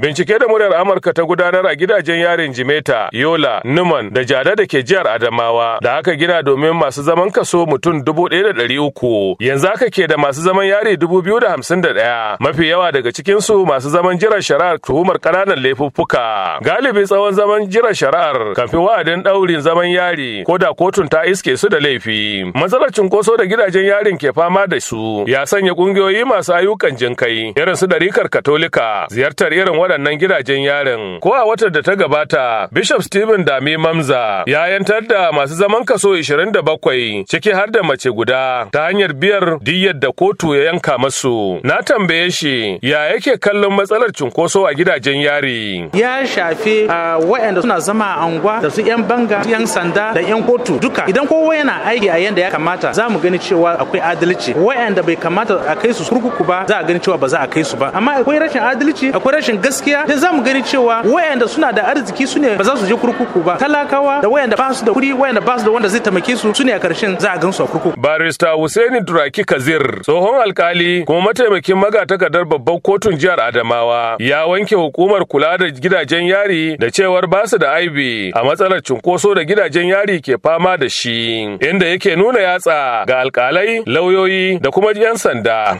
Bincike da muryar Amurka ta gudanar a gidajen yarin Jimeta, Yola, Numan da Jada da ke jihar Adamawa da aka gina domin masu zaman kaso mutum dubu ɗaya da ɗari uku. Yanzu aka ke da masu zaman yari dubu biyu da hamsin da ɗaya. Mafi yawa daga cikinsu masu zaman jiran shari'ar tuhumar ƙananan laifuffuka. Galibi tsawon zaman jiran shari'ar kan fi wa'adin ɗaurin zaman yari ko da kotun ta iske su da laifi. Matsalar cunkoso da gidajen yarin ke fama da su ya sanya ƙungiyoyi masu ayyukan jinkai irin su ɗarikar Katolika ziyartar irin waɗannan gidajen yarin. Ko a watar da ta gabata, Bishop Stephen Dami Mamza ya yantar da masu zaman kaso 27 ciki har da mace guda ta hanyar biyar diyyar da kotu ya yanka masu. Na tambaye shi ya yake kallon matsalar cunkoso a gidajen yari. Ya shafi ah, waɗanda suna zama a anguwa da su 'yan banga, 'yan sanda da 'yan kotu duka. Idan kowa yana aiki a yadda ya kamata za mu gani cewa akwai adalci. Waɗanda bai kamata a kai su kurkuku ba za a gani cewa ba za a kai su ba. Amma akwai rashin adalci, akwai rashin gas gaskiya za zamu gani cewa wayanda suna da arziki su ne ba za su je kurkuku ba talakawa da wayanda ba su da kuri wayanda ba su da wanda zai tamake su su ne a karshen za a gan a kurkuku barista Hussaini Turaki Kazir tsohon alkali kuma mataimakin magatakardar babban kotun jihar Adamawa ya wanke hukumar kula da gidajen yari da cewar ba su da aibi a matsalar cunkoso da gidajen yari ke fama da shi inda yake nuna yatsa ga alkalai lauyoyi da kuma 'yan sanda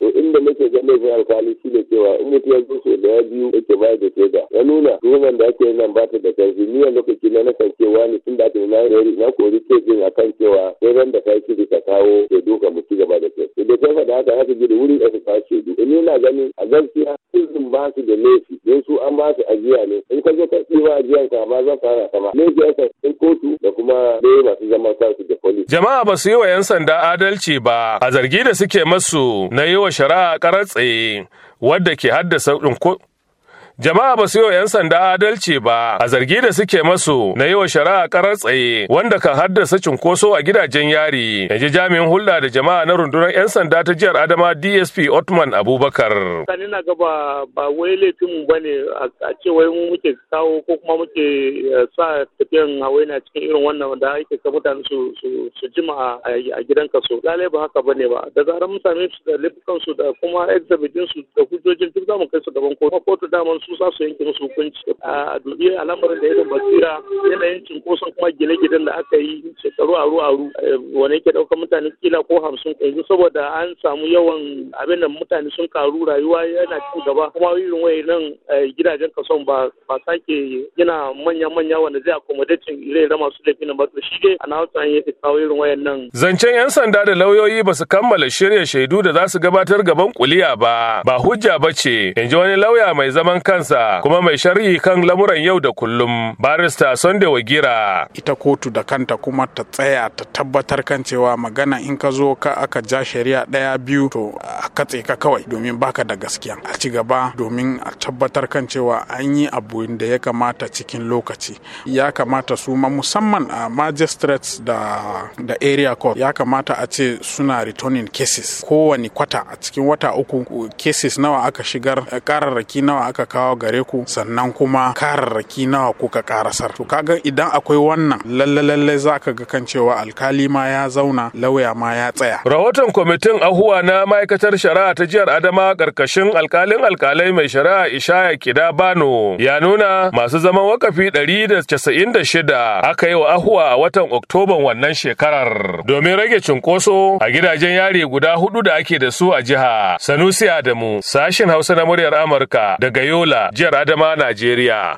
laifin alkali shi ne cewa in mutum ya zo da ya biyu yake ba da shaida ya nuna tuhumar da ake nan ba ta da karfi ni a lokaci na nakan cewa ne tun da ake na yari na kori jin a kan cewa sai ran da kai shiri ka kawo da duka mu ci gaba da kai. Idan ta faɗa haka haka gida wuri da su kawo shaidu. ina ganin a gaskiya ba su da laifi don su an ba su ajiya ne in ka zo ka ɗiba ajiyan ka ba za ka sama ne ji aka sun kotu da kuma ne masu zaman kansu da poli. jama'a ba su yi wa 'yan sanda adalci ba a zargi da suke masu na yi wa shari'a karar wadda ke haddasa Jama'a ba su yi wa 'yan sanda adalci ba a zargi da suke masu na yi wa shari'a karar tsaye wanda kan haddasa cunkoso a gidajen yari. Yanzu jami'in hulɗa da jama'a na rundunar 'yan sanda ta jihar Adama DSP Otman Abubakar. Sani na ga ba ba wai laifin mu bane a ce wai mu muke kawo ko kuma muke eh, sa tafiyan hawaina cikin irin wannan da ake ka mutane su su jima a gidan kaso. Lalai ba haka bane ba. Da zarar mutane su da laifukan su da kuma exhibitin su da hujjojin duk mu kai su gaban kotu. kotu daman su za su yanke musu hukunci a dubi al'amarin da ya basira yanayin cinkoson kuma gine-ginen da aka yi shekaru aru aru eh, wani yake ɗaukar mutane kila ko hamsin yanzu saboda an samu yawan abin da mutane sun karu rayuwa yana cikin gaba kuma irin waye nan eh, gidajen kason ba ba sake gina manya-manya wanda zai accommodate ire-ire masu laifin ba to shi dai a na yake kawo irin wayan nan. Zancen 'yan sanda da lauyoyi ba su kammala shirya shaidu da za su gabatar gaban kuliya ba ba hujja ba ce in ji wani lauya mai zaman kan kansa kuma mai shari'i kan lamuran yau da kullum barista Sunday Wagira. Ita kotu da kanta kuma ta tsaya ta tabbatar kan cewa magana in ka zo ka aka ja shari'a ɗaya biyu to katse ka kawai domin baka da gaskiya a ci gaba domin a tabbatar kan cewa an yi abu da ya kamata cikin lokaci ya kamata su ma musamman a ah, magistrates da da area court ya kamata a ce suna returning cases kowane kwata a cikin wata uku cases nawa aka shigar eh, kararraki nawa aka kawo gare ku sannan kuma kararraki nawa kuka karasar to kaga idan akwai wannan lalle lalle za ka ga kan cewa alkali ma ya zauna lauya ma ya tsaya rahoton kwamitin ahuwa na ma'aikatar shari'a ta jihar Adama karkashin alkalin alkalai mai shari'a Ishaya Kida Bano ya nuna masu zaman wakafi shida aka yi wa ahuwa a watan Oktoban wannan shekarar domin rage cunkoso a gidajen yari guda hudu da ake da su a jiha. Sanusi Adamu, sashin Hausa na muryar Amurka daga Yola, jihar Adama, Najeriya.